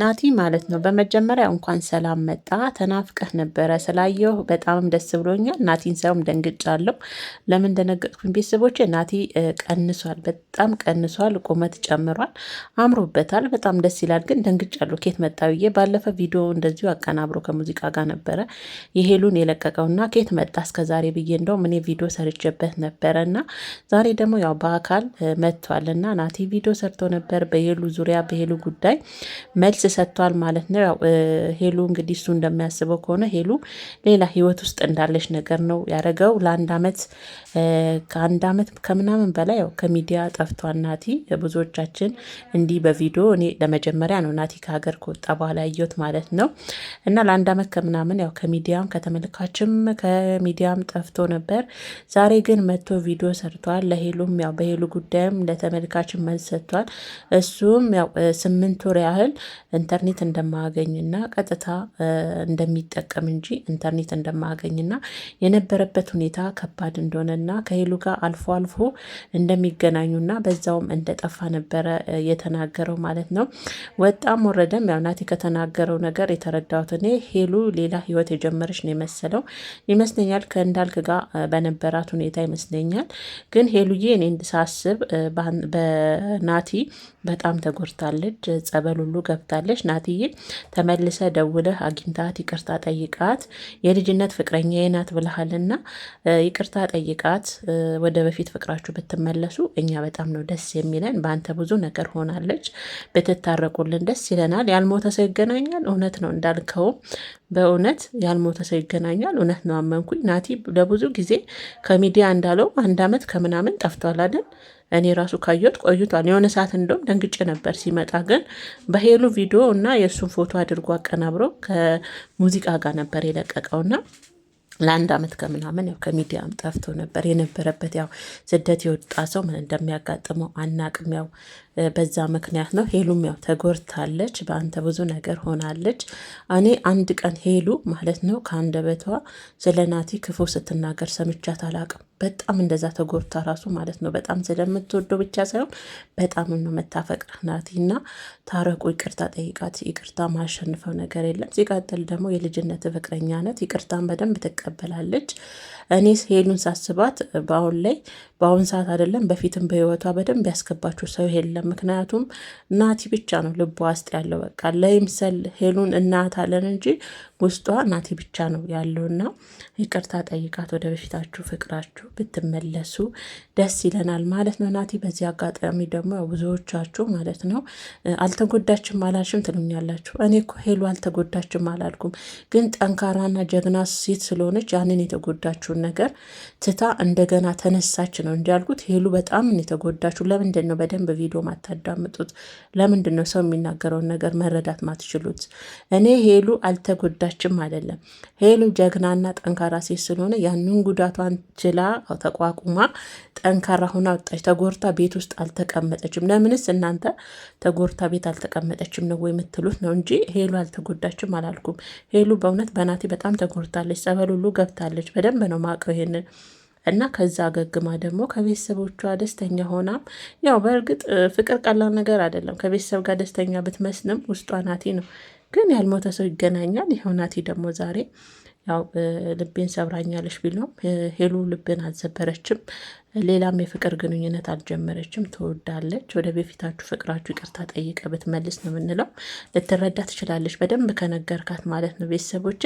ናቲ ማለት ነው። በመጀመሪያ እንኳን ሰላም መጣ፣ ተናፍቀህ ነበረ። ስላየሁ በጣም ደስ ብሎኛል። ናቲን ሳይሆን ደንግጫለሁ። ለምን ደነገጥኩኝ? ቤተሰቦች ናቲ ቀንሷል፣ በጣም ቀንሷል። ቁመት ጨምሯል፣ አምሮበታል። በጣም ደስ ይላል። ግን ደንግጫለሁ። ኬት መጣ ብዬ ባለፈ ቪዲዮ እንደዚሁ አቀናብሮ ከሙዚቃ ጋር ነበረ የሄሉን የለቀቀውና ኬት መጣ እስከዛሬ ብዬ እንደውም እኔ ቪዲዮ ሰርቼበት ነበረ እና ዛሬ ደግሞ ያው በአካል መጥቷል እና ናቲ ቪዲዮ ሰርቶ ነበር በሄሉ ዙሪያ በሄሉ ጉዳይ መልስ መልስ ሰጥቷል ማለት ነው። ያው ሄሉ እንግዲህ እሱ እንደሚያስበው ከሆነ ሄሉ ሌላ ህይወት ውስጥ እንዳለች ነገር ነው ያደረገው። ለአንድ ዓመት ከአንድ አመት ከምናምን በላይ ያው ከሚዲያ ጠፍቷል ናቲ። ብዙዎቻችን እንዲህ በቪዲዮ እኔ ለመጀመሪያ ነው ናቲ ከሀገር ከወጣ በኋላ ያየሁት ማለት ነው። እና ለአንድ ዓመት ከምናምን ያው ከሚዲያም ከተመልካችም ከሚዲያም ጠፍቶ ነበር። ዛሬ ግን መጥቶ ቪዲዮ ሰርቷል። ለሄሉም ያው በሄሉ ጉዳይም ለተመልካችን መልስ ሰጥቷል። እሱም ያው ስምንት ወር ያህል ኢንተርኔት እንደማያገኝና ቀጥታ እንደሚጠቀም እንጂ ኢንተርኔት እንደማያገኝና የነበረበት ሁኔታ ከባድ እንደሆነና ከሄሉ ጋር አልፎ አልፎ እንደሚገናኙና በዛውም እንደጠፋ ነበረ የተናገረው ማለት ነው። ወጣም ወረደም ያው ናቲ ከተናገረው ነገር የተረዳሁት እኔ ሄሉ ሌላ ህይወት የጀመረች ነው የመሰለው ይመስለኛል። ከእንዳልክ ጋር በነበራት ሁኔታ ይመስለኛል። ግን ሄሉዬ እኔ እንድሳስብ በናቲ በጣም ተጎድታለች። ጸበል ሁሉ ገብታል። ትላታለች ናትይን። ተመልሰ ደውለህ አግኝታት ይቅርታ ጠይቃት፣ የልጅነት ፍቅረኛ ናት ብለሃልና ይቅርታ ጠይቃት። ወደ በፊት ፍቅራችሁ ብትመለሱ እኛ በጣም ነው ደስ የሚለን። በአንተ ብዙ ነገር ሆናለች፣ ብትታረቁልን ደስ ይለናል። ያልሞተ ሰው ይገናኛል። እውነት ነው እንዳልከውም በእውነት ያልሞተ ሰው ይገናኛል። እውነት ነው አመንኩኝ። ናቲ ለብዙ ጊዜ ከሚዲያ እንዳለው አንድ አመት ከምናምን ጠፍቷል አይደል? እኔ ራሱ ካየሁት ቆይቷል። የሆነ ሰዓት እንደውም ደንግጬ ነበር ሲመጣ፣ ግን በሄሉ ቪዲዮ እና የእሱን ፎቶ አድርጎ አቀናብሮ ከሙዚቃ ጋር ነበር የለቀቀውና ለአንድ አመት ከምናምን ያው ከሚዲያም ጠፍቶ ነበር የነበረበት። ያው ስደት የወጣ ሰው ምን እንደሚያጋጥመው አናቅም ያው በዛ ምክንያት ነው። ሄሉም ያው ተጎድታለች፣ በአንተ ብዙ ነገር ሆናለች። እኔ አንድ ቀን ሄሉ ማለት ነው ከአንደበቷ ስለ ናቲ ክፉ ስትናገር ሰምቻት አላቅም። በጣም እንደዛ ተጎድታ ራሱ ማለት ነው በጣም ስለምትወደው ብቻ ሳይሆን በጣም ነው መታፈቅራ ናቲ እና ታረቁ፣ ይቅርታ ጠይቃት። ይቅርታ ማሸንፈው ነገር የለም። ሲቀጥል ደግሞ የልጅነት ፍቅረኛ ነት ይቅርታን በደንብ ትቀበላለች። እኔ ሄሉን ሳስባት በአሁን ላይ በአሁን ሰዓት አይደለም በፊትም በህይወቷ በደንብ ያስገባችው ሰው የለም አይደለም። ምክንያቱም ናቲ ብቻ ነው ልቧ ውስጥ ያለው። በቃ ለይምሰል ሄሉን እናት አለን እንጂ ውስጧ ናቲ ብቻ ነው ያለውና ይቅርታ ጠይቃት ወደ በፊታችሁ ፍቅራችሁ ብትመለሱ ደስ ይለናል ማለት ነው። ናቲ በዚህ አጋጣሚ ደግሞ ብዙዎቻችሁ ማለት ነው አልተጎዳችም አላልሽም ትሉኛላችሁ። እኔ እኮ ሄሉ አልተጎዳችም አላልኩም፣ ግን ጠንካራና ጀግና ሴት ስለሆነች ያንን የተጎዳችውን ነገር ትታ እንደገና ተነሳች ነው እንዲያልኩት። ሄሉ በጣም የተጎዳችሁ ለምንድን ነው በደንብ ቪዲዮ የማታዳምጡት? ለምንድን ነው ሰው የሚናገረውን ነገር መረዳት ማትችሉት? እኔ ሄሉ አልተጎዳችም አይደለም። ሄሉ ጀግናና ጠንካራ ሴት ስለሆነ ያንን ጉዳቷን ችላ ተቋቁማ ጠንካራ ሁና ወጣች። ተጎርታ ቤት ውስጥ አልተቀመጠችም። ለምንስ እናንተ ተጎርታ ቤት አልተቀመጠችም ነው የምትሉት? ነው እንጂ ሄሉ አልተጎዳችም አላልኩም። ሄሉ በእውነት በናቴ በጣም ተጎርታለች። ጸበል ሁሉ ገብታለች። በደንብ ነው ማውቀው ይሄንን እና ከዛ አገግማ ደግሞ ከቤተሰቦቿ ደስተኛ ሆናም ያው በእርግጥ ፍቅር ቀላል ነገር አይደለም። ከቤተሰብ ጋር ደስተኛ ብትመስልም ውስጧ ናቲ ነው። ግን ያልሞተ ሰው ይገናኛል። ይኸው ናቲ ደግሞ ዛሬ ያው ልቤን ሰብራኛለች ቢሎም ሄሉ ልብን አልሰበረችም። ሌላም የፍቅር ግንኙነት አልጀመረችም። ትወዳለች። ወደ በፊታችሁ ፍቅራችሁ ይቅርታ ጠይቀ ብትመልስ ነው የምንለው። ልትረዳ ትችላለች፣ በደንብ ከነገርካት ማለት ነው ቤተሰቦቼ